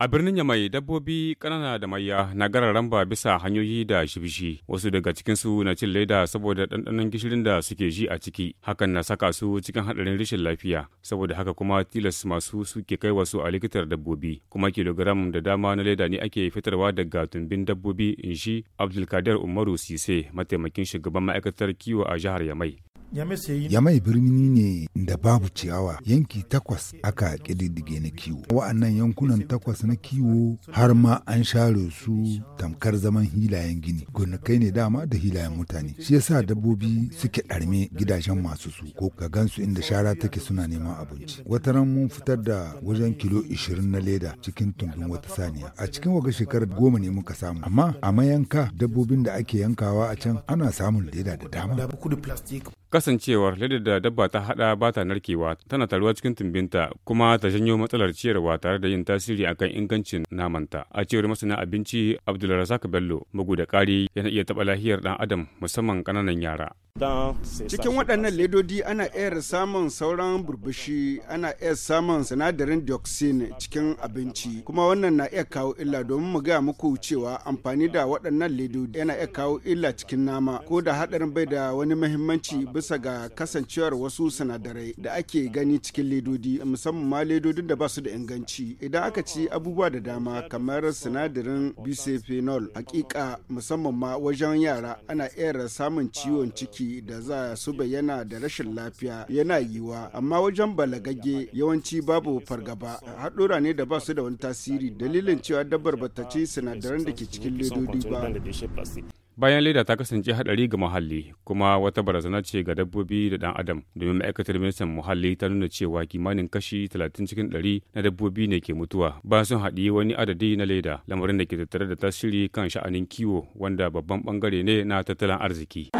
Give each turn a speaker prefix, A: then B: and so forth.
A: A birnin Yamai dabbobi kanana da maya na gara ramba bisa hanyoyi da shibishi wasu daga cikinsu na cin leda saboda ɗanɗanon gishirin da suke ji a ciki hakan na saka su cikin haɗarin rashin lafiya saboda haka kuma tilas masu suke kai wasu a likitar dabbobi kuma kilogram da dama na leda ne ake fitarwa daga tumbin dabbobi in shi Abdulkadir Umaru Sise mataimakin shugaban ma'aikatar kiwo a jihar Yamai.
B: Yamai birni ne da babu ciyawa yanki takwas aka ƙididdige na kiwo. Wa'annan yankunan takwas na kiwo har ma an share su tamkar zaman hilayen gini. Gonakai ne dama da hilayen mutane. Shi yasa dabbobi suke ɗarme gidajen masu su ko ka gansu inda shara take suna neman abinci. Wata ran mun fitar da wajen kilo 20 na leda cikin tumbin wata saniya. A cikin waga shekarar goma ne muka samu. Amma a mayanka dabbobin da ake yankawa a can ana samun leda da dama.
A: kasancewar ledar da dabba ta hada ba ta narkewa tana taruwa cikin tumbinta kuma ta janyo matsalar ciyarwa tare da yin tasiri akan ingancin namanta a cewar masana abinci abdulrazak bello bugu da ya yana iya taɓa lahiyar ɗan adam musamman ƙananan yara Cikin
C: waɗannan ledodi ana iya samun sauran burbushi, ana iya samun sinadarin dioxin cikin abinci, kuma wannan na iya kawo illa domin mu gaya muku cewa amfani da waɗannan ledodi yana iya kawo illa cikin nama, ko da haɗarin bai da wani mahimmanci bisa ga kasancewar wasu sinadarai da ake gani cikin ledodi, musamman ma ledodin da ba su da inganci. Idan aka ci abubuwa da dama kamar sinadarin bisphenol, hakika musamman ma wajen yara ana iya samun ciwon ciki tashi da za su bayyana da rashin lafiya yana yiwa amma wajen balagagge yawanci babu fargaba haɗura ne da ba su da wani tasiri dalilin cewa dabbar bata ci sinadaran da ke cikin ledodi ba
A: bayan leda ta kasance hadari ga muhalli kuma wata barazana ce ga dabbobi da dan adam domin ma'aikatar ministan muhalli ta nuna cewa kimanin kashi 30 cikin 100 na dabbobi ne ke mutuwa ba sun haɗi wani adadi na leda lamarin da ke tattare da tasiri kan sha'anin kiwo wanda babban bangare ne na tattalin arziki.